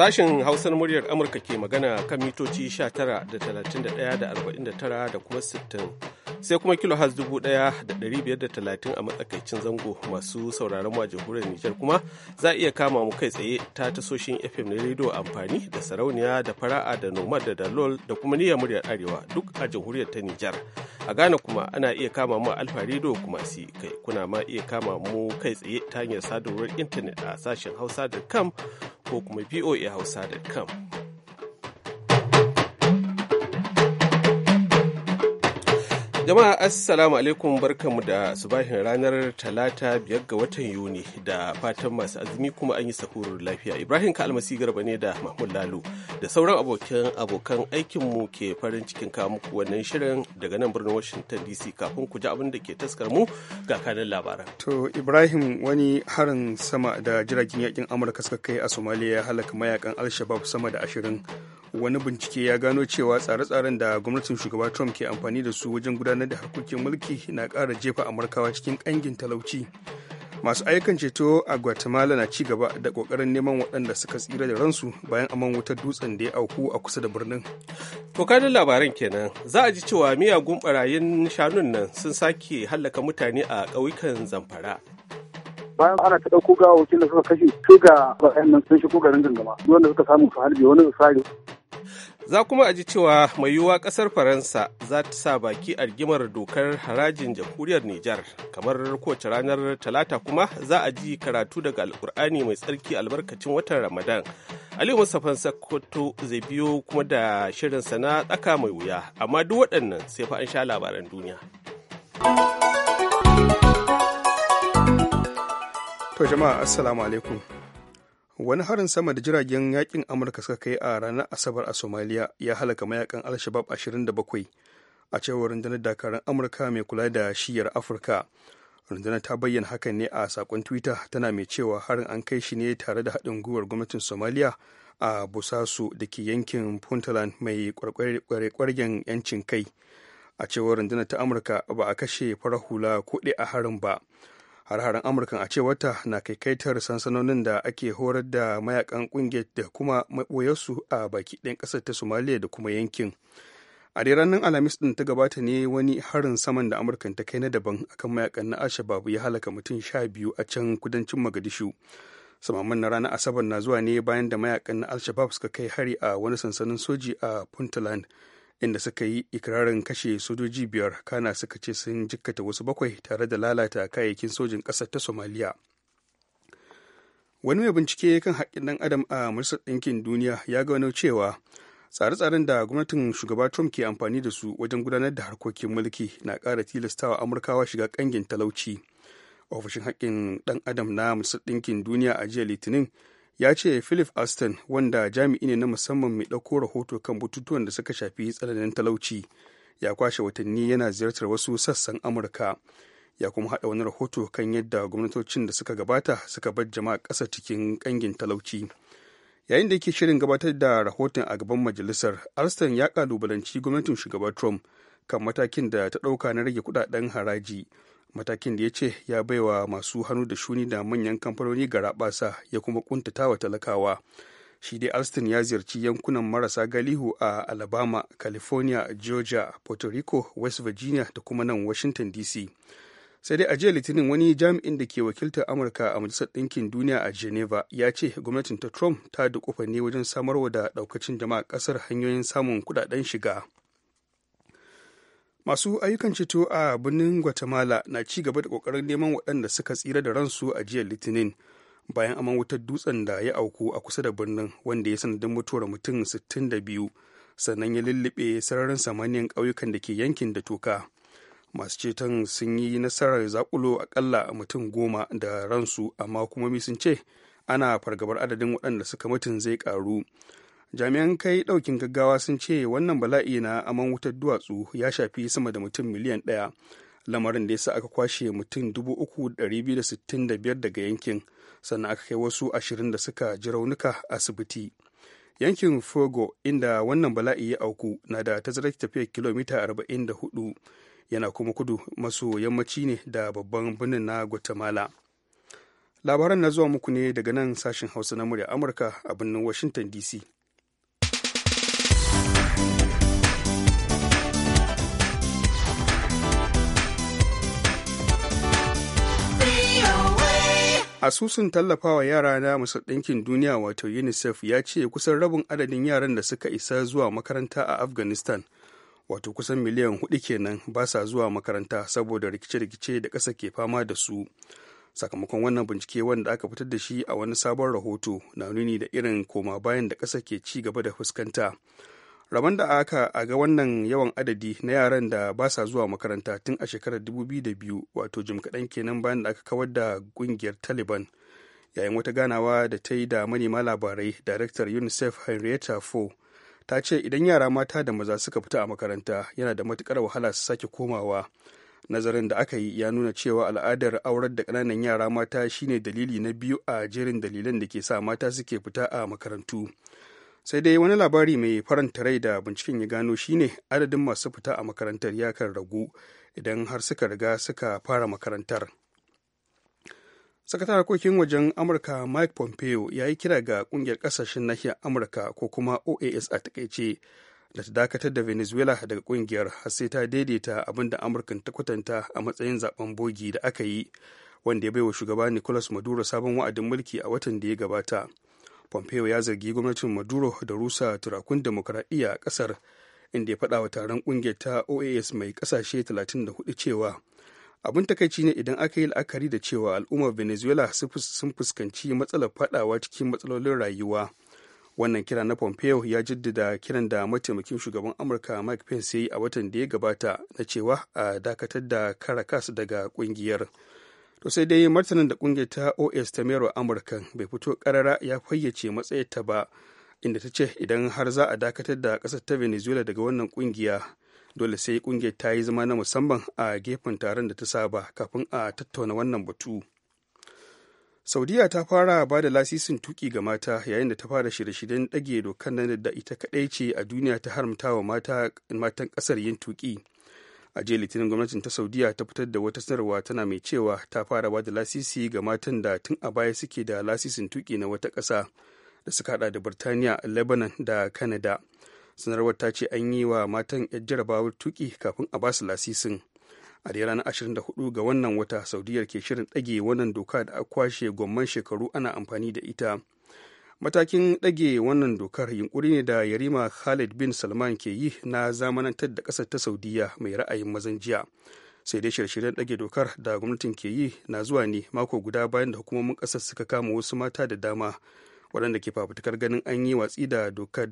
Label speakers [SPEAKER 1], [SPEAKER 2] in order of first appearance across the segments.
[SPEAKER 1] Sashen Hausar muryar Amurka ke magana kan mitoci 19 da 31 da 49 da kuma 60 sai kuma dubu kilohertz talatin a matsakaicin zango masu sauraron mu a jamhuriyar Nijar kuma za a iya kama mu kai tsaye ta tasoshin FM na rediyo amfani da sarauniya da fara'a da nomad da dalol da kuma niyyar muryar arewa duk a jamhuriyar ta Nijar. A Ghana kuma ana iya kama mu alfa rediyo kuma si kai kuna ma iya kama mu kai tsaye ta hanyar sadarwar intanet a sashen hausa hausa.com ko kuma voa hausa.com. Jama'a Assalamu alaikum barkanmu da subahin ranar talata biyar ga watan Yuni da fatan masu azumi kuma an yi sahurar lafiya. Ibrahim ka almasi Garba ne da Mahmud Lalo da sauran abokan abokan aikinmu ke farin cikin kawo muku wannan shirin daga nan birnin Washington DC kafin ku ji abin da ke taskar mu ga kanan labaran.
[SPEAKER 2] To Ibrahim wani harin sama da jiragen yakin Amurka suka kai a Somalia ya halaka mayakan al shabab sama da ashirin wani bincike ya gano cewa tsare-tsaren da gwamnatin shugaba trump ke amfani da su wajen gudanar da harkokin mulki na ƙara jefa amurkawa cikin ƙangin talauci masu ayyukan ceto a guatemala na ci gaba da kokarin neman waɗanda suka tsira da ransu bayan aman wutar dutsen da ya auku a kusa da birnin to kanin labaran kenan za a ji cewa miyagun
[SPEAKER 1] barayin shanun nan sun sake hallaka mutane a ƙauyukan zamfara
[SPEAKER 3] bayan ana ta ɗauko gawa da suka kashe su ga bayan nan sun shigo garin gangama wanda suka samu su halbe wani su
[SPEAKER 1] za kuma a ji cewa mai yiwuwa kasar faransa za ta sa baki a rigimar dokar harajin jamhuriyar nijar kamar kowace ranar talata kuma za a ji karatu daga alkur'ani mai tsarki albarkacin watan ramadan aliyu musafan sakoto zai biyo kuma da shirin sana tsaka mai wuya amma duk waɗannan sai fa an sha
[SPEAKER 2] labaran duniya to jama'a assalamu alaikum wani harin sama da jiragen yakin amurka suka kai a ranar asabar a somaliya ya halaka mayakan alshabab 27 a cewar rundunar dakarun amurka mai kula da shiyar afirka rundunar ta bayyana hakan ne a sakon twitter tana mai cewa harin an kai shi ne tare da haɗin gwiwar gwamnatin somaliya a busasu da ke yankin puntland mai kwarkwargen yancin kai a cewar rundunar ta amurka ba a kashe farar hula kuɗi a harin ba har-haren amurkan a cewarta na kaikaitar sansanonin da ake horar da mayakan kungiyar da kuma maɓoyarsu a baki ɗayan ƙasar ta somaliya da kuma yankin a dai ranar alhamis ɗin ta gabata ne wani harin saman da amurkan ta kai na daban akan mayakan na alshabab ya halaka mutum sha biyu a can kudancin magadishu samaman na ranar asabar na zuwa ne bayan da mayakan na alshabab suka kai hari a wani sansanin soji a puntland inda suka yi ikirarin kashe sojoji biyar kana suka ce sun jikkata wasu bakwai tare da lalata kayayyakin sojin ƙasar ta somaliya wani mai bincike kan haƙƙin ɗan adam a majalisar ɗinkin duniya ya gano cewa tsare-tsaren da gwamnatin shugaba trump ke amfani da su wajen gudanar da harkokin mulki na ƙara tilastawa amurkawa shiga ƙangin talauci ofishin haƙƙin ɗan adam na majalisar ɗinkin duniya a jiya litinin ya ce philip aston wanda jami'i ne na musamman mai ɗauko rahoto kan batutuwan da suka shafi tsananin talauci ya kwashe watanni yana ziyartar wasu sassan amurka ya kuma haɗa wani rahoto kan yadda gwamnatocin da suka gabata suka bar jama'a ƙasa cikin ƙangin talauci yayin da yake shirin gabatar da rahoton a gaban majalisar alston ya ƙalubalanci gwamnatin shugaba trump kan matakin da ta ɗauka na rage kuɗaɗen haraji matakin da ya ce ya baiwa masu hannu da shuni da manyan kamfanoni garaɓasa ya kuma kuntatawa talakawa shi dai alston ya ziyarci yankunan marasa galihu a alabama california georgia puerto rico west virginia da kuma nan washington dc sai dai a jiya litinin wani jami'in da ke wakiltar amurka a majalisar ɗinkin duniya a geneva ya ce gwamnatin ta trump ta dukufa ne wajen samarwa da ɗaukacin jama'a ƙasar hanyoyin samun kuɗaɗen shiga masu ayyukan ceto a birnin guatemala na ci gaba da kokarin neman waɗanda suka tsira da ransu a jiya litinin bayan aman wutar dutsen da ya auku a kusa da birnin wanda ya sanadin mutuwar mutum 62 sannan ya lullube sararin samaniyan ƙauyukan da ke yankin da toka masu ceton sun yi nasarar zakulo akalla mutum goma da ransu amma kuma sun ce ana fargabar adadin waɗanda suka mutun zai karu jami'an kai daukin gaggawa sun ce wannan bala'i na aman wutar duwatsu ya shafi sama da mutum miliyan ɗaya lamarin da ya sa aka kwashe mutum biyar daga yankin sannan aka kai wasu ashirin da suka ji raunuka asibiti yankin fogo inda wannan bala'i ya auku na da tazarar tafiyar kilomita 44 yana kuma kudu maso yammaci ne da babban birnin na guatemala labaran na zuwa muku ne daga nan sashen hausa na murya amurka a birnin washington dc asusun tallafawa yara na masu ɗinkin duniya wato unicef ya ce kusan rabin adadin yaran da suka isa zuwa makaranta a afghanistan wato kusan miliyan hudu kenan ba sa zuwa makaranta saboda rikice-rikice da ƙasa ke fama da su sakamakon wannan bincike wanda aka fitar da shi a wani sabon rahoto na nuni da irin koma bayan da ƙasa ke ci gaba da fuskanta rabon da aka a ga wannan yawan adadi na yaran da ba sa zuwa makaranta tun a shekarar 2002 wato jim kaɗan kenan bayan da aka kawar da ƙungiyar taliban yayin wata ganawa da ta yi da manema labarai daraktar unicef henrietta fo ta ce idan yara mata da maza suka fita a makaranta yana da matukar wahala su sake komawa nazarin da aka yi ya nuna cewa al'adar aurar da ƙananan yara mata shine dalili na biyu a jerin dalilan da ke sa mata suke fita a makarantu sai dai wani labari mai faranta rai da binciken ya gano shine adadin masu fita a makarantar ya kan ragu idan har suka riga suka fara makarantar sakatar harkokin wajen amurka mike pompeo ya yi kira ga kungiyar kasashen nahiyar amurka ko kuma oas a takaice da ta dakatar da venezuela daga kungiyar har sai ta daidaita abin da amurkan ta kwatanta a matsayin zaben bogi da aka yi wanda ya baiwa shugaba nicolas maduro sabon wa'adin mulki a watan da ya gabata pompeo ya zargi gwamnatin maduro da rusa turakun demokradiyya a ƙasar inda ya faɗa wa taron ƙungiyar ta oas mai ƙasashe 34 cewa abin takaici ne idan aka yi la'akari da cewa al'ummar venezuela sun fuskanci matsalar faɗawa cikin matsalolin rayuwa wannan kira na pompeo ya jaddada kiran da mataimakin shugaban amurka mike pence ya yi a watan da ya gabata na cewa a dakatar da kara daga ƙungiyar. to sai dai martanin da kungiyar ta os ta mero amurka bai fito karara ya fayyace matsayarta ba inda ta ce idan har za a dakatar da kasar ta venezuela daga wannan kungiya dole sai kungiyar ta yi zama na musamman a gefen taron da ta saba kafin a tattauna wannan batu saudiya ta fara ba da lasisin tuki ga mata yayin da ta fara shirye-shiryen dage dokar nan da ita kaɗai ce a duniya ta haramta wa matan ƙasar yin tuki a jiya litinin gwamnatin ta saudiya ta fitar da wata sanarwa tana mai cewa ta fara ba da lasisi ga matan da tun a baya suke da lasisin tuki na wata ƙasa da suka hada da birtaniya lebanon da canada sanarwar ta ce an yi wa matan yar jarabawar tuki kafin a basu lasisin a da ranar hudu ga wannan wata saudiyar ke shirin ɗage wannan doka da a kwashe gwamman shekaru ana amfani da ita matakin ɗage wannan dokar yunkuri ne da yarima khalid bin salman ke yi na zamanantar da ƙasar ta saudiya mai ra'ayin mazan jiya sai dai shirye-shiryen ɗage dokar da gwamnatin ke yi na zuwa ne mako guda bayan da hukumomin ƙasar suka kama wasu mata da dama waɗanda ke fafutukar ganin an yi watsi da dokar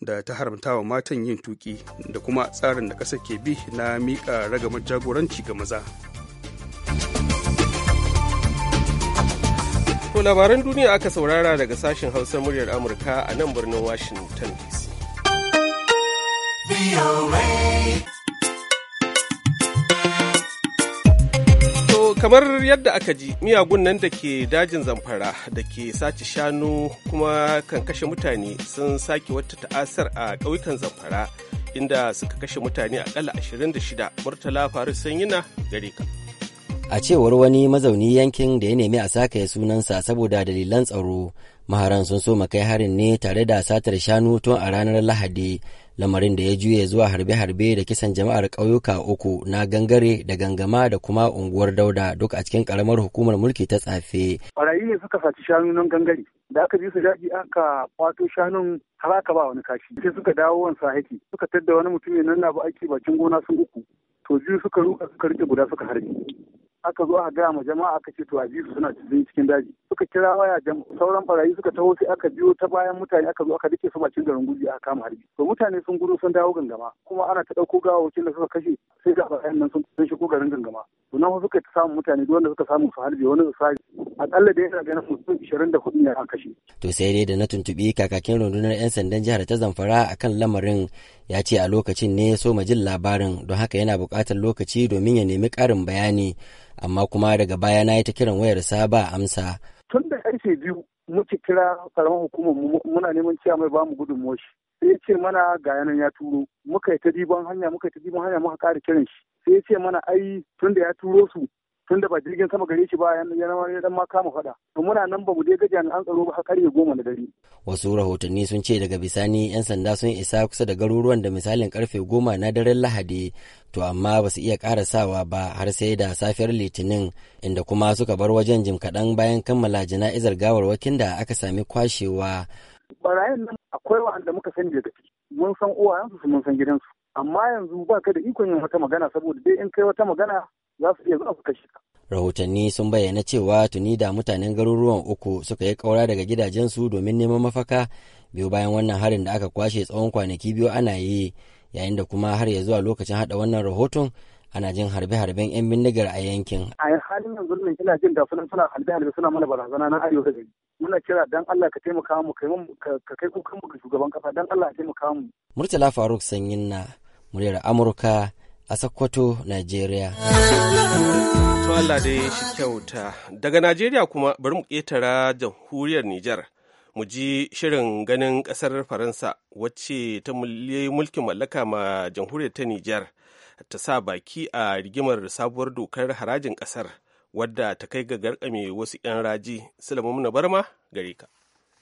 [SPEAKER 2] da ta haramtawa matan yin tuki da kuma tsarin da ƙasar ke bi na miƙa ragamar jagoranci ga maza.
[SPEAKER 1] To labaran duniya aka saurara daga sashen Hausa muryar Amurka a nan birnin Washington DC. kamar yadda aka ji miyagun nan da ke dajin zamfara da ke sace shanu kuma kan kashe mutane sun sake wata ta'asar a ƙauyukan zamfara inda suka kashe mutane akalla 26 murtala faru sanyina gare ka.
[SPEAKER 4] a cewar wani mazauni yankin da ya nemi a sake sunansa saboda dalilan tsaro maharan sun so kai harin ne tare da satar shanu tun a ranar lahadi lamarin da ya juye zuwa harbe-harbe da kisan jama'ar ƙauyuka uku na gangare da gangama da kuma unguwar dauda duk a cikin ƙaramar hukumar mulki ta tsafe.
[SPEAKER 3] barayi ne suka saci shanu nan gangare da aka ji su daji aka kwato shanun har aka ba wani kashi sai suka dawo wansa sahiki, suka tadda wani mutum ne nan na ba aiki bakin gona sun uku so biyu suka ruka suka rike guda suka harbi aka zo a gaya ma jama'a aka ce to a biyu suna cikin cikin daji suka kira waya sauran barayi suka taho sai aka biyo ta bayan mutane aka zo aka rike su cikin garin guji aka kama harbi to mutane sun gudu sun dawo gangama kuma ana ta dauko gawawakin da suka kashe sai ga bayan nan sun shigo garin gangama to nan suka ta samu mutane duk wanda suka samu su harbi wani su a akalla da yana ganin mutum shirin da kuɗi ne kashe
[SPEAKER 4] to sai dai da na tuntubi kakakin rundunar 'yan sandan jihar ta zamfara akan lamarin ya ce a lokacin ne ya so ma jin labarin don haka yana buƙatar lokaci domin ya nemi ƙarin bayani amma kuma daga baya na yi ta kiran wayarsa ba amsa.
[SPEAKER 3] Tun da ƙarfe biyu muke kira karamar hukumar muna neman cewa mai bamu gudun shi. Sai ya ce mana ga yanan ya turo muka yi ta diban hanya muka yi ta diban hanya muka ƙara kiran shi. Sai ya ce mana ai tun da ya turo su tun da ba jirgin sama gare shi ba ya dan ma kama fada to muna nan ba mu dai ga jami'an tsaro ba har karfe goma na dare
[SPEAKER 4] wasu rahotanni sun ce daga bisani yan sanda sun isa kusa da garuruwan da misalin karfe goma na daren lahadi to amma ba su iya karasawa ba har sai da safiyar litinin inda kuma suka bar wajen jim kaɗan bayan kammala jana'izar gawarwakin da aka sami kwashewa
[SPEAKER 3] barayin nan akwai wa'anda muka sani daga ciki mun san uwayensu mun san gidansu amma yanzu ba ka da ikon yin wata magana saboda dai in kai wata magana za su iya zuwa su kashe ka.
[SPEAKER 4] Rahotanni sun bayyana cewa tuni da mutanen garuruwan uku suka yi ƙaura daga gidajensu domin neman mafaka biyu bayan wannan harin da aka kwashe tsawon kwanaki biyu ana yi yayin da kuma har ya zuwa lokacin haɗa wannan rahoton ana jin harbe-harben 'yan bindigar a yankin.
[SPEAKER 3] A halin yanzu ne ina jin da suna suna harbe-harbe suna mana barazana na arewa gari. Muna kira dan Allah ka taimaka mu ka kai kukan mu ga shugaban kasa dan
[SPEAKER 1] Allah ka taimaka mu.
[SPEAKER 4] Murtala Faruk Sanyin na muryar Amurka a Sokoto, Najeriya.
[SPEAKER 1] To Allah dai shi kyauta. Daga Najeriya kuma bari mu ƙetara jamhuriyar Nijar. Mu ji shirin ganin ƙasar Faransa wacce ta mulkin mallaka ma jamhuriyar ta Nijar ta sa baki a rigimar sabuwar dokar harajin ƙasar wadda ta kai ga garƙame wasu 'yan raji. Sulaiman Barma gare ka.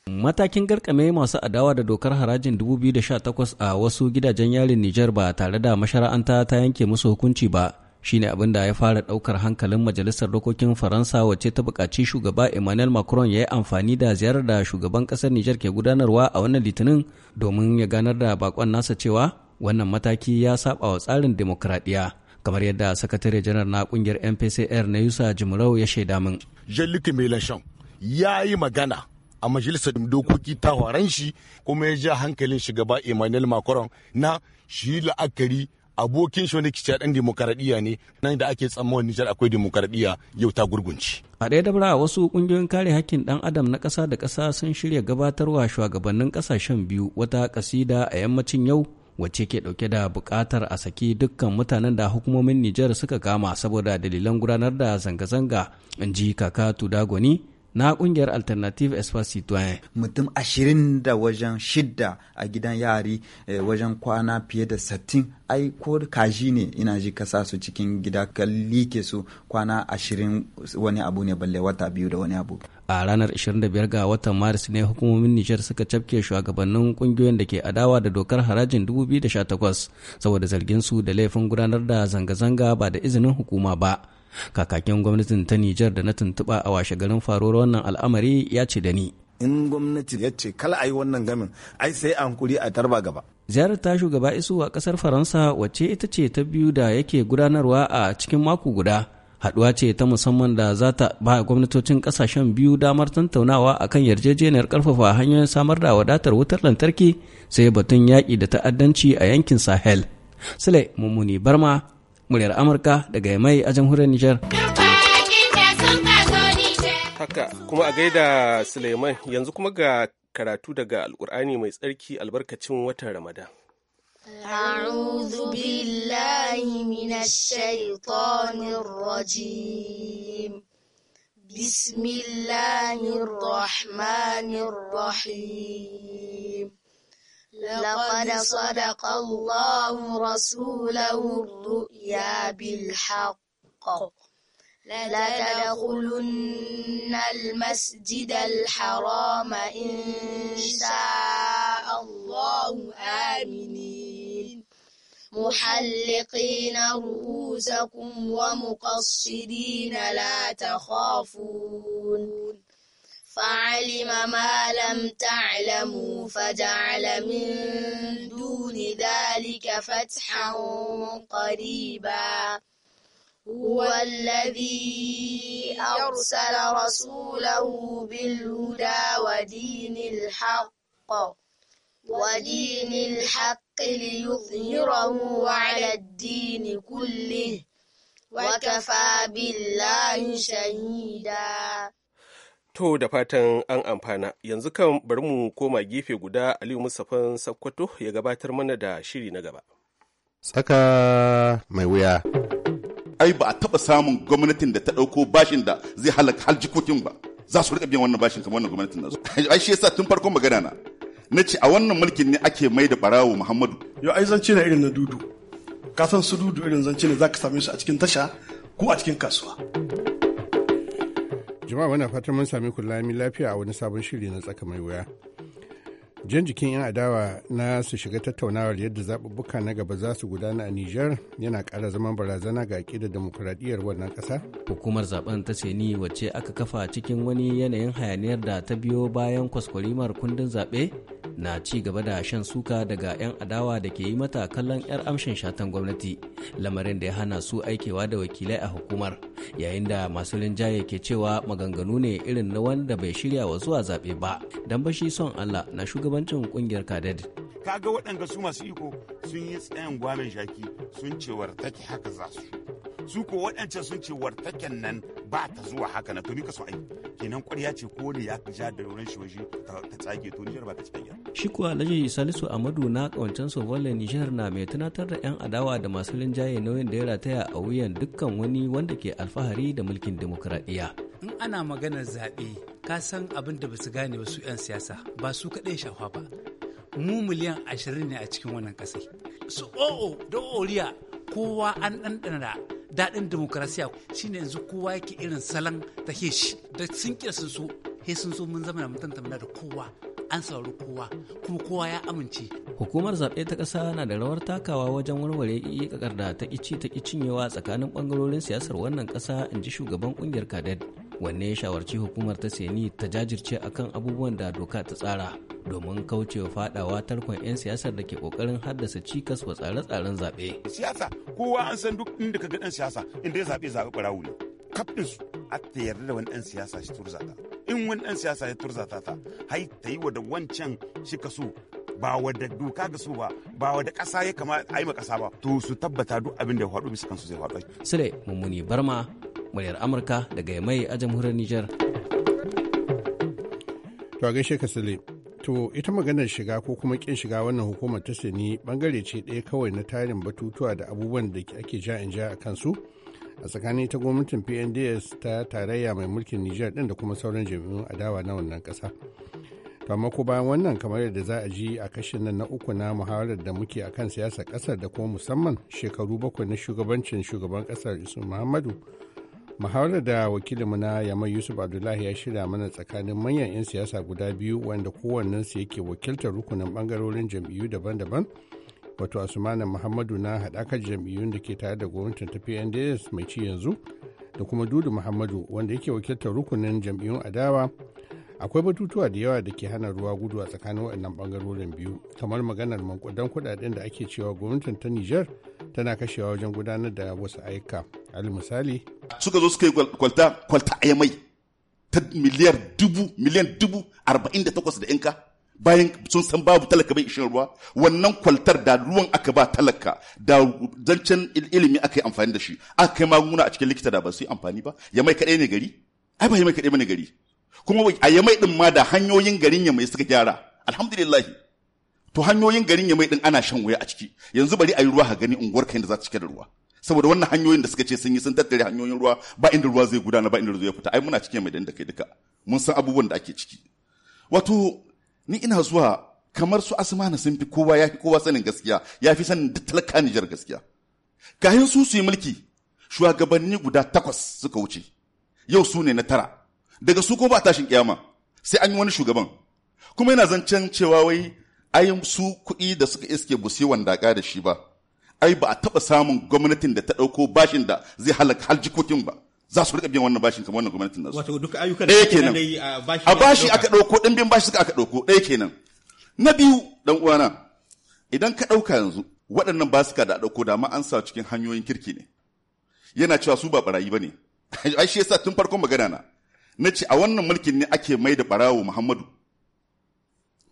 [SPEAKER 5] Matakin garkame masu adawa da dokar harajin 2018 a wasu gidajen yarin Nijar ba tare da mashara'anta ta yanke musu hukunci ba shine abin da ya fara daukar hankalin majalisar dokokin Faransa wacce ta bukaci shugaba Emmanuel Macron ya yi amfani da ziyarar da shugaban ƙasar Nijar ke gudanarwa a wannan litinin domin ya ganar da bakon nasa cewa wannan mataki ya saba wa tsarin demokradiyya kamar yadda sakatare janar na kungiyar MPCR na Yusa Jimrau ya shaida min.
[SPEAKER 6] Jean-Luc Mélenchon
[SPEAKER 7] ya yi magana a majalisar dokoki ta horan shi kuma ya ja hankalin shugaba Emmanuel Macron na shi la'akari abokin shi wani kici dan demokaradiyya ne nan da ake tsammanin Nijar akwai demokaradiyya yau ta gurgunci.
[SPEAKER 5] A ɗaya dabara wasu ƙungiyoyin kare hakkin ɗan adam na ƙasa da ƙasa sun shirya gabatarwa shugabannin ƙasashen biyu wata ƙasida a yammacin yau wacce ke ɗauke da buƙatar a saki dukkan mutanen da hukumomin Nijar suka kama saboda dalilan gudanar da zanga-zanga in ji kaka Tudagoni na kungiyar alternative espace citoyen mutum ashirin da wajen shidda a
[SPEAKER 8] gidan yari eh, wajen kwana fiye da satin ai ko kaji ne ina ji kasa su cikin gida ka like su kwana ashirin wani abu ne balle wata biyu da wani abu
[SPEAKER 5] a ranar 25 ga watan maris ne hukumomin nijar suka cafke shugabannin kungiyoyin da ke adawa da dokar harajin 2018 saboda zargin su da laifin gudanar da zanga-zanga ba da izinin hukuma ba kakakin gwamnatin ta nijar da na tuntuɓa a washe garin faruwar wannan al'amari ya ce da ni
[SPEAKER 9] in gwamnati ya ce kala a yi wannan gamin ai sai an kuri
[SPEAKER 7] a tarba gaba
[SPEAKER 5] ziyarar ta shugaba isu a ƙasar faransa wacce ita ce ta biyu da yake gudanarwa a cikin mako guda haduwa ce ta musamman da za ta ba gwamnatocin ƙasashen biyu damar tantaunawa kan yarjejeniyar ƙarfafa hanyoyin samar da wadatar wutar lantarki sai batun yaƙi da ta'addanci a yankin sahel sule mummuni barma muryar amurka daga yamai a jamhuriyar nijar
[SPEAKER 1] haka kuma a gaida suleiman yanzu kuma ga karatu daga alkur'ani mai tsarki albarkacin watan ramadan
[SPEAKER 10] أعوذ بالله من الشيطان الرجيم بسم الله الرحمن الرحيم
[SPEAKER 4] لقد
[SPEAKER 10] صدق الله رسوله الرؤيا بالحق لتدخلن المسجد الحرام إن شاء الله آمنين محلقين رؤوسكم ومقصرين لا تخافون فعلم ما لم تعلموا فجعل من دون ذلك فتحا قريبا هو الذي أرسل رسوله بالهدى ودين الحق ودين الحق ليظهره على الدين كله وكفى بالله شهيدا
[SPEAKER 1] To da fatan an amfana yanzu kan bari mu koma gefe guda Aliyu Mustapha Sakkwato ya gabatar mana da shiri na gaba.
[SPEAKER 6] Tsaka mai wuya.
[SPEAKER 1] Ai ba
[SPEAKER 7] a taba samun gwamnatin da ta ɗauko bashin da zai halaka har jikokin ba. Za su riƙa biyan wannan bashin kamar wannan gwamnatin nasu. Ai shi yasa tun farkon magana na. Na ce a wannan mulkin ne ake mai da ɓarawo Muhammadu.
[SPEAKER 9] Yau ai zance na irin na dudu. Ka san su dudu irin zance ne za ka same
[SPEAKER 6] su a cikin tasha ko a cikin kasuwa. Jama'a muna fatan mun sami kula mai lafiya a wani sabon shiri na tsaka mai wuya. jan jikin 'yan adawa na su shiga tattaunawar yadda zaɓuɓɓuka na gaba za su gudana a Nijar yana ƙara zaman barazana ga ƙida demokuraɗiyyar wannan ƙasa?
[SPEAKER 5] Hukumar zaɓen ta ce ni wacce aka kafa cikin wani yanayin hayaniyar da ta biyo bayan kwaskwarimar kundin zaɓe na ci gaba da shan suka daga 'yan adawa da ke yi mata kallon 'yar amshin shatan gwamnati lamarin da ya hana su aikewa da wakilai a hukumar yayin da masu linjaye ke cewa maganganu ne irin na wanda bai shirya wa zuwa zaɓe ba don bashi son Allah na shugaban shugabancin kungiyar kadad
[SPEAKER 7] kaga waɗanda su masu iko sun yi tsayin gwamin shaki sun ce wartake haka za su su ko waɗancan sun ce wartaken nan ba ta zuwa haka na tuni ka so ai kenan ƙwarya ce ko ne ya ja da raunin shi ta tsage to Nijar ba ta tsage
[SPEAKER 5] shi ko Alhaji Salisu Amadu na kawancan Sovolle Nijar na mai tunatar da yan adawa da masu linjaye nauyin da ya rataya a wuyan dukkan wani wanda ke alfahari da mulkin demokradiyya in ana maganar zaɓe ka san abin da ba su gane ba su 'yan siyasa ba su kaɗai shafa ba mu miliyan ashirin ne a cikin wannan ƙasa su o'o oh, oh, da oriya kowa an ɗanɗana daɗin demokarasiya shine yanzu kowa yake irin salon ta shi da sun sun so he sun so mun zama mutunta da kowa an saurari kowa kuma kowa ya amince hukumar zaɓe ta ƙasa na da rawar takawa wajen warware ƙiƙakar da ta ƙici ta ƙi cinyewa tsakanin ɓangarorin siyasar wannan ƙasa in ji shugaban ƙungiyar kadad wanne ya shawarci hukumar ta seni ta jajirce akan abubuwan da doka ta tsara domin kaucewa fadawa tarkon 'yan siyasar da ke kokarin haddasa cikas wa tsare-tsaren zaɓe. siyasa
[SPEAKER 9] kowa an san duk inda ka ga
[SPEAKER 7] ɗan siyasa inda ya zaɓe zaɓe ɓarawu ne kafin su a ta yarda da wani dan siyasa shi turzata
[SPEAKER 9] in wani dan siyasa ya turzata ta hai ta yi wa da wancan shi ka so ba wadda
[SPEAKER 5] doka ga su ba ba wadda ƙasa ya kama a yi ma ƙasa ba to su tabbata duk abin da ya faɗo bisa kansu zai faɗo. sule mummuni barma muryar amurka daga mai a jamhuriyar niger
[SPEAKER 6] to a gaishe ka to ita maganar shiga ko kuma kin shiga wannan hukumar ta sani bangare ce ɗaya kawai na tarin batutuwa da abubuwan da ake ja in ja a kansu a tsakanin ta gwamnatin pnds ta tarayya mai mulkin niger ɗin da kuma sauran jami'un adawa na wannan ƙasa to ko bayan wannan kamar yadda za a ji a kashin nan na uku na muhawarar da muke akan siyasar kasar da kuma musamman shekaru bakwai na shugabancin shugaban kasar isu muhammadu muhawarar da wakilinmu na yamma yusuf abdullahi ya shirya mana tsakanin manyan 'yan siyasa guda biyu wanda kowannensu yake wakiltar rukunin bangarorin jam'iyyu daban-daban wato asumanin muhammadu na haɗakar jam'iyyun da ke tare da gwamnatin ta pnds mai ci yanzu da kuma dudu muhammadu wanda yake wakiltar rukunin jam'iyyun adawa akwai batutuwa da yawa da ke hana ruwa gudu a tsakanin waɗannan bangarorin biyu kamar maganar mankudan kuɗaɗen da ake cewa gwamnatin ta niger tana kashewa wajen gudanar da wasu ayyuka al misali
[SPEAKER 7] suka zo suka yi kwalta kwalta a yamai ta miliyar dubu miliyan dubu arba'in da takwas da yanka bayan sun san babu talaka bai ishin ruwa wannan kwaltar da ruwan aka ba talaka da zancen ilimi aka yi amfani da shi aka kai magunguna a cikin likita da ba su yi amfani ba yamai kaɗai ne gari ai ba yamai kaɗai ba ne gari kuma a yamai ɗin ma da hanyoyin garin yamai suka gyara alhamdulillah to hanyoyin garin yamai ɗin ana shan wuya a ciki yanzu bari a yi ruwa a gani unguwar kai da za ta cike da ruwa saboda wannan hanyoyin da suka ce sun yi sun tattare hanyoyin ruwa ba inda ruwa zai gudana ba inda ruwa zai fita ai muna cikin mai da kai duka mun san abubuwan da ake ciki wato ni ina zuwa kamar su asmana sun fi kowa ya fi kowa sanin gaskiya ya fi sanin duk talaka Niger gaskiya kahin su su yi mulki shugabanni guda takwas suka wuce yau su ne na tara daga su ko ba tashin kiyama sai an yi wani shugaban kuma yana zancen cewa wai ayin su kuɗi da suka iske busi wanda da shi ba ai ba a taɓa samun gwamnatin da ta ɗauko bashin da zai halaka har jikokin ba za su riƙa biyan wannan bashin kamar wannan gwamnatin nasu. Wato
[SPEAKER 8] duka ayyukan da nan a bashi aka
[SPEAKER 7] ɗauko ɗan biyan bashi suka aka ɗauko ɗaya nan. Na biyu ɗan uwana idan ka ɗauka yanzu waɗannan ba ka da ɗauko da ma an sa cikin hanyoyin kirki ne. Yana cewa su ba barayi ba ne. Ai shi yasa tun farkon magana na. Na ce a wannan mulkin ne ake mai da ɓarawo Muhammadu.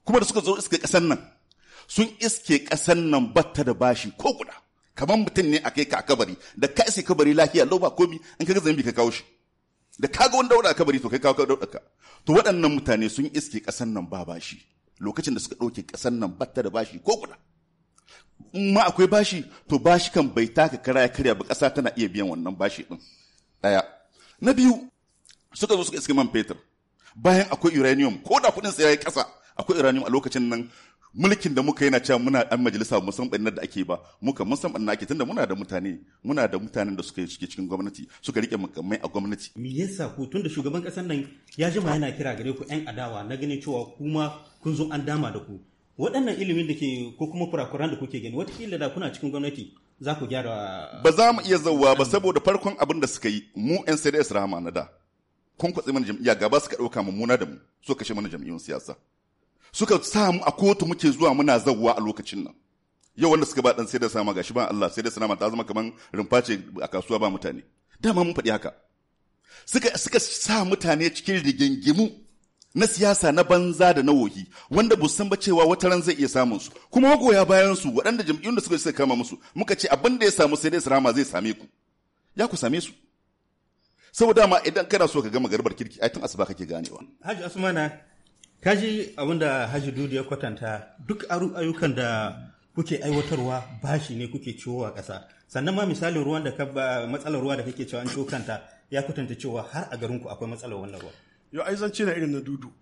[SPEAKER 7] Kuma da suka zo iska ƙasar nan. sun iske ƙasan nan batta da bashi ko guda kamar mutum ne a kai ka kabari da ka isi kabari lafiya lau ba komi in ka zambi ka kawo shi da ka ga wani dauda kabari to kai kawo ka to waɗannan mutane sun iske ƙasan nan ba bashi lokacin da suka ɗauke ƙasan nan batta da bashi ko guda in ma akwai bashi to bashi kan bai taka kara ya karya ba ƙasa tana iya biyan wannan bashi ɗin ɗaya na biyu suka zo suka iske man fetur bayan akwai uranium ko da kuɗin sa ya yi ƙasa akwai uranium a lokacin nan mulkin da muka yana cewa muna an majalisa mu san bannar da ake ba muka mun san bannar ake tunda muna da mutane muna da mutanen da suka shige cikin gwamnati suka rike makamai a gwamnati
[SPEAKER 8] me yasa ku tunda shugaban kasar nan ya jima yana kira gare ku yan adawa na ganin cewa kuma kun zo an dama da ku waɗannan ilimin da ke ko kuma kurakuran da kuke gani watakila da kuna cikin gwamnati za ku gyara ba
[SPEAKER 7] za mu iya zauwa ba saboda farkon abin da suka yi mu yan sai da isra'ama na da kun kwatsi mana jam'iyya gaba suka ɗauka mummuna da mu so kashe mana jam'iyyun siyasa suka sa mu a kotu muke zuwa muna zawwa a lokacin nan yau wanda suka ba dan sai da sama gashi ba Allah sai da sama ta zama kaman rumfa ce a kasuwa ba mutane dama mun faɗi haka suka suka sa mutane cikin rigingimu na siyasa na banza da na wohi wanda bu san ba cewa wata ran zai iya samun su kuma magoya bayan su waɗanda jam'iyyun da suka suka kama musu muka ce abin da ya samu sai dai sarama zai same ku ya ku same su saboda ma idan kana so ka gama garbar kirki ai tun asuba kake ganewa
[SPEAKER 8] haji Usmana kaji abinda Haji Dudu ya kwatanta duk ayyukan da kuke aiwatarwa bashi ne kuke ciwo a ƙasa sannan ma misalin ruwan da matsalar ruwa da kake cewa an kanta ya kwatanta cewa har a garinku akwai matsalar wannan ruwa yau ai zance na
[SPEAKER 9] irin na dudu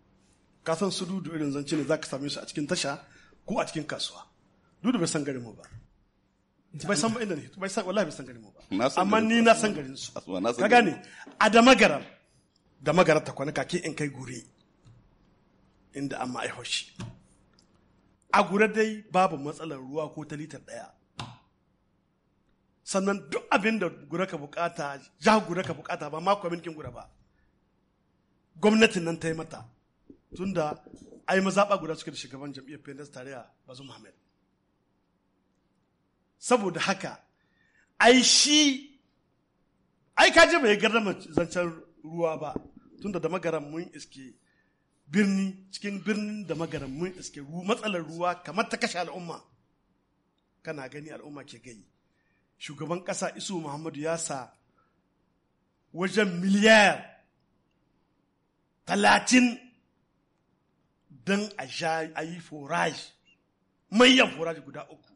[SPEAKER 9] ka san su dudu irin zance ne zaka same su a cikin tasha ko a cikin kasuwa dudu bai san garin mu ba bai san ba inda ne bai san wallahi bai san garin mu
[SPEAKER 7] ba amma ni na san garin su ka gane
[SPEAKER 9] a da magaram da magarar ta kake in kai gure inda an ma'aihar shi a gura dai babu matsalar ruwa ko ta litar ɗaya sannan duk abin da gura ka bukata ja gura ka bukata ba abin kwaminkin gura ba gwamnatin nan ta yi mata tunda ai mazaɓa guda suke da shugaban jam'iyyar pendas tarayya bazu muhammad saboda haka ai shi ai kaji bai gardama zancen ruwa ba tunda da magaran mun iske birni cikin birnin da magaran mun iske matsalar ruwa kamar ta kashe al'umma kana gani al'umma ke gani shugaban ƙasa isu muhammadu ya sa wajen miliyar talatin don a yi foraj manyan forage guda uku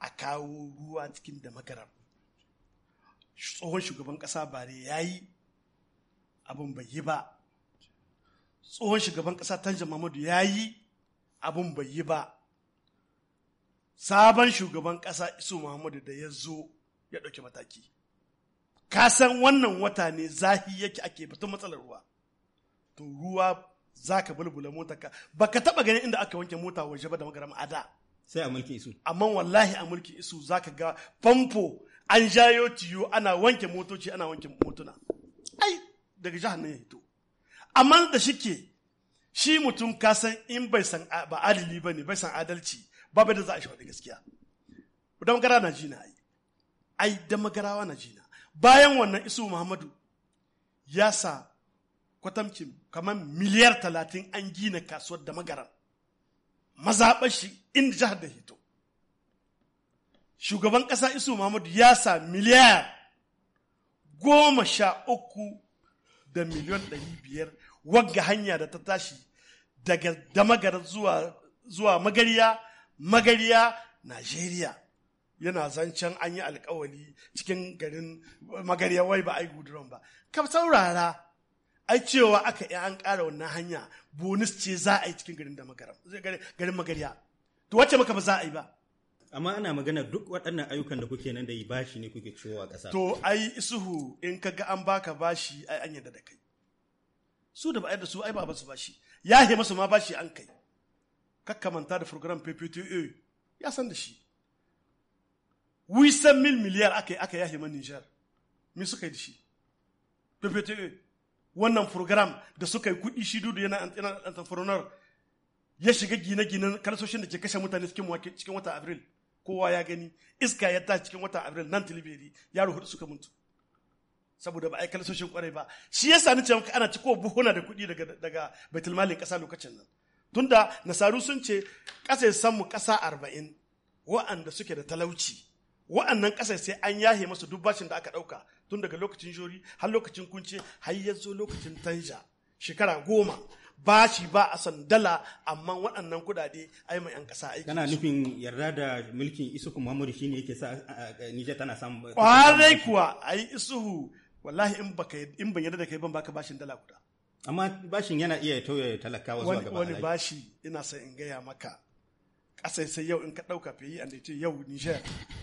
[SPEAKER 9] a kawo ruwa cikin da magaram tsohon shugaban ƙasa bare ya yi abin bai yi ba tsohon shugaban ƙasa tanjan mamadu ya yi abin bai yi ba sabon shugaban ƙasa isu muhammadu da ya zo ya ɗauki mataki ka san wannan wata ne zahi yake ake batun matsalar ruwa to ruwa za ka bulbula mota ka ba ka taɓa ganin inda aka wanke mota waje ba da magaram ada sai a mulkin isu amma wallahi a mulkin isu za ka ga famfo an jayo tiyo ana wanke motoci ana wanke motuna ai daga jihar nan ya hito amma da shi ke shi mutum kasan san in bai san ba adali ba ne bai san adalci ba bai da za a shi wani gaskiya da magara na jina ai ai da magarawa na jina bayan wannan isu muhammadu ya sa kwatamcin kamar miliyar talatin an gina kasuwar da magaran mazaɓar shi inda jihar da hito shugaban ƙasa isu muhammadu ya sa miliyar goma sha uku da miliyan ɗari biyar wagga hanya da ta tashi daga damagar zuwa zuwa magariya magariya Najeriya yana zancen an yi alkawali cikin garin magariya wai ba ai guduran ba ka saurara ai cewa aka yi an ƙara wannan hanya bonus ce za a yi cikin garin garin magariya to wacce maka ba za a yi ba
[SPEAKER 8] amma ana magana duk waɗannan ayyukan da kuke nan da yi bashi ne kuke ciwo a ƙasa to
[SPEAKER 9] ai isuhu in ka ga an baka bashi ai an yadda da kai su da ba'ayar da su ai ba basu bashi ya he masu ma bashi an kai kakkamanta da program PPTA ya san da shi wisan mil miliyar aka yi aka yahe man Nijar me suka yi da shi PPTA wannan program da suka yi kudi shi dudu yana entrepreneur ya shiga gine-ginen kalsoshin da ke kashe mutane cikin wata Abril kowa ya gani iska ya ta cikin wata Abril nan tilibiri yaro hudu suka mutu saboda ba a yi kalsoshin kwarai ba shi yasa ni ce maka ana ciko buhuna da kuɗi daga daga baitul ƙasa lokacin nan tunda nasaru sun ce ƙasa san mu ƙasa arba'in wa'anda suke da talauci wa'annan ƙasa sai an yahe masu duk da aka ɗauka tun daga lokacin jori har lokacin kunce har ya zo lokacin tanja shekara goma bashi ba a san dala amma waɗannan kuɗaɗe ai mai yan ƙasa aiki. Kana
[SPEAKER 8] nufin yarda da mulkin Isuhu Muhammadu shine yake sa Nijar tana samun. Kwarai
[SPEAKER 9] kuwa ai Isuhu wallahi in baka in ban yarda da kai ban baka bashin dala guda amma bashin
[SPEAKER 8] yana iya tauye talakawa zuwa gaba wani
[SPEAKER 9] bashi ina son in gaya maka kasai sai yau in ka dauka fiye an ce yau Niger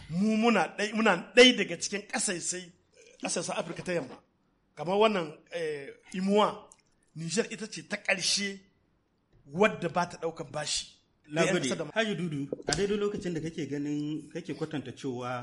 [SPEAKER 9] mu muna dai muna dai daga cikin kasai sai kasai sa Afirka ta yamma kamar wannan eh, imuwa Niger ita ce ta ƙarshe wadda ba ta daukan bashi lagodi Haji Dudu,
[SPEAKER 8] a daidai lokacin da kake ganin kake kwatanta cewa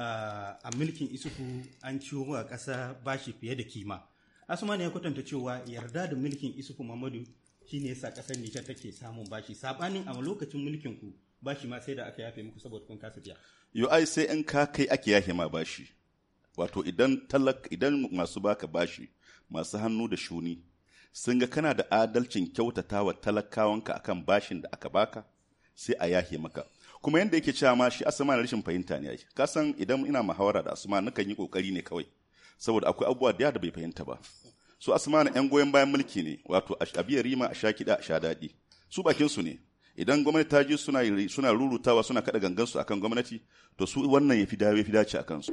[SPEAKER 8] Ah, a mulkin isufu an ciwo a ƙasa bashi fiye da kima asuma ya kwatanta cewa yarda da mulkin isufu mamadu shine yasa ƙasar nijar take samun bashi sabanin a lokacin mulkin ku bashi ma sai da aka yafe muku saboda kun kasa biya
[SPEAKER 7] yo ai sai in ka kai ake yafe ma bashi wato idan talak idan masu baka bashi masu hannu da shuni sun ga kana da adalcin kyautatawa talakawanka akan bashin da aka baka sai a yafe maka kuma yadda yake cewa ma shi asma na rashin fahimta ne ai ka san idan ina muhawara da asma nakan yi kokari ne kawai saboda akwai abubuwa da da bai fahimta ba su asma na yan goyon bayan mulki ne wato a biya rima a sha kida a sha daɗi su bakin su ne idan gwamnati ta ji suna rurutawa suna kaɗa su akan gwamnati to su wannan ya fi dawo ya fi dace akan su.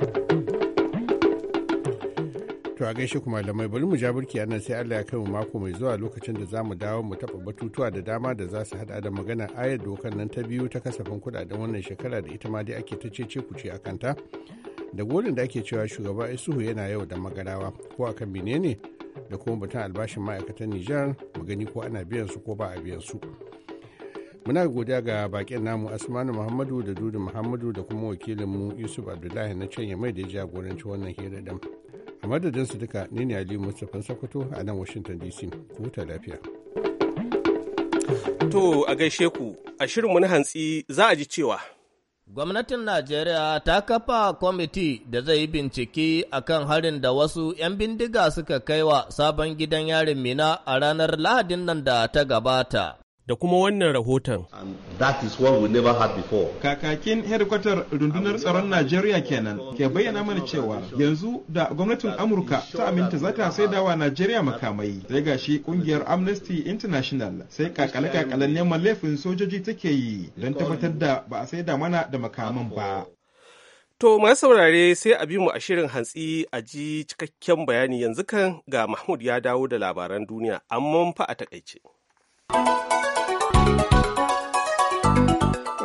[SPEAKER 6] To a gaishe ku malamai bari mu ja burki anan sai Allah ya kai mu mako mai zuwa lokacin da zamu dawo mu taɓa batutuwa da dama da za su hada da magana ayar dokar nan ta biyu ta kasafin kudaden wannan shekara da ita ma dai ake ta cece ku ce akan ta. Da golin da ake cewa shugaba Isuhu yana yau da magarawa ko akan ne da kuma batun albashin ma'aikatan Nijar mu gani ko ana biyan su ko ba a biyan su. muna godiya ga bakin namu asmanu muhammadu da dudu muhammadu da kuma wakilinmu yusuf abdullahi na can ya mai da ya jagoranci wannan hira din a madadin su duka ne ne aliyu mustapha sokoto a nan washington dc ku huta lafiya
[SPEAKER 1] to a gaishe ku a shirinmu na hantsi za a ji cewa
[SPEAKER 5] Gwamnatin Najeriya ta kafa kwamiti da zai yi bincike akan harin da wasu ‘yan bindiga suka kai wa sabon gidan yarin Mina a ranar Lahadin nan da ta gabata.
[SPEAKER 1] da kuma wannan rahoton. Kakakin hedikwatar rundunar tsaron Najeriya kenan ke bayyana mana cewa
[SPEAKER 8] yanzu da gwamnatin Amurka ta aminta za ta saidawa Najeriya makamai. Sai ga shi kungiyar Amnesty International sai kakale-kakalen neman laifin sojoji take yi don tabbatar da ba a saida mana da makaman ba.
[SPEAKER 1] To masu saurare sai a bi mu a shirin hantsi a ji cikakken bayani yanzu kan ga Mahmud ya dawo da labaran duniya amma fa a takaice.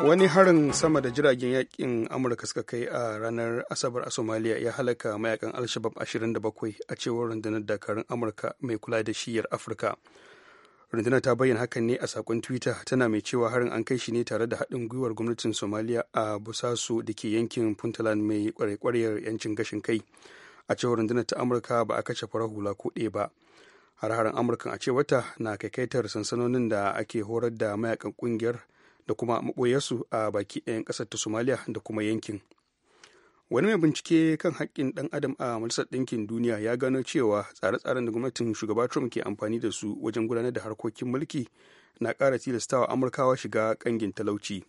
[SPEAKER 2] wani harin sama da jiragen yakin amurka suka kai a ranar asabar a Somalia ya halaka mayakan alshabab 27 a cewar rundunar dakarun amurka mai kula da shiyar afirka rundunar ta bayyana hakan ne a sakon twitter tana mai cewa harin an kai shi ne tare da haɗin gwiwar gwamnatin somaliya a busasu da ke yankin puntland mai kwarekwariyar yancin gashin kai a cewar rundunar ta amurka ba a kashe farar hula ko ɗaya ba har-haren amurkan a ce na kaikaitar sansanonin da ake horar da mayakan kungiyar da kuma maɓoyarsu a baki ɗayan ƙasar ta somaliya da kuma yankin wani mai bincike kan haƙƙin ɗan adam a majalisar ɗinkin duniya ya gano cewa tsare-tsaren da gwamnatin shugaba trump ke amfani da su wajen gudanar da harkokin mulki na ƙara tilastawa amurkawa shiga ƙangin talauci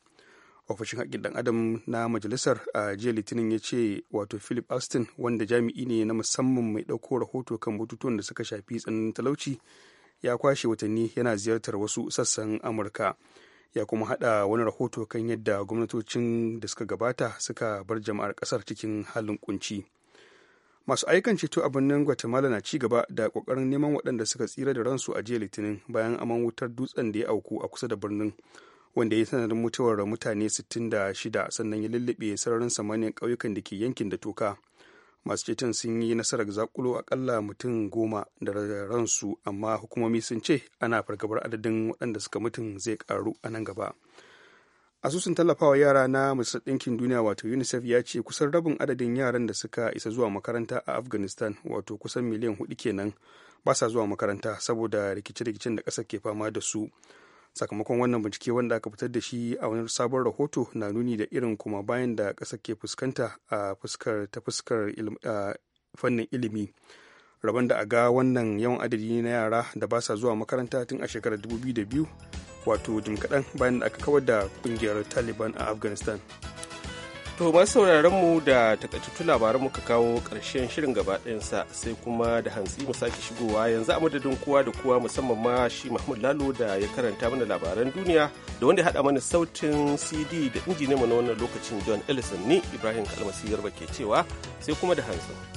[SPEAKER 2] ofishin haƙƙin ɗan adam na majalisar a jiya litinin ya ce wato philip austin wanda jami'i ne na musamman mai ɗauko rahoto kan batutuwan da suka shafi tsananin talauci ya kwashe watanni yana ziyartar wasu sassan amurka ya kuma hada wani rahoto kan yadda gwamnatocin da suka gabata suka bar jama'ar kasar cikin halin kunci masu aikan ceto a birnin guatemala na ci gaba da kokarin neman waɗanda suka tsira da ransu a jiya litinin bayan aman wutar dutsen da ya auku a kusa da birnin wanda ya sanar mutuwar mutane 66 sannan ya lullube sararin samaniyar ƙauyukan da ke yankin da toka masu cetin sun yi nasarar zakulo akalla mutum goma da ransu amma hukumomi sun ce ana fargabar adadin waɗanda suka mutum zai karu a nan gaba asusun tallafawa yara na majalisar ɗinkin duniya wato unicef ya ce kusan rabin adadin yaran da suka isa zuwa makaranta a afghanistan wato kusan miliyan hudu kenan ba sa zuwa makaranta saboda rikice-rikicen da ƙasar ke fama da su sakamakon wannan bincike wanda aka fitar da shi a wani sabon rahoto na nuni da irin kuma bayan da kasa ke fuskanta a fuskar ta fuskar fannin ilimi rabon da a ga wannan yawan adadi na yara da ba sa zuwa makaranta tun a shekarar 2002 wato jim kaɗan bayan da aka kawar da ƙungiyar taliban a afghanistan To masu sauraron mu da takaitattun labaran muka kawo ƙarshen
[SPEAKER 1] shirin gaba sa sai kuma da hantsi mu sake shigowa yanzu a madadin kowa da kowa musamman ma shi Mahmud Lalo da ya karanta mana labaran duniya da wanda ya haɗa mana sautin CD da injiniya na wannan lokacin John Ellison ni Ibrahim Kalmasi Garba ke cewa sai kuma da hantsi.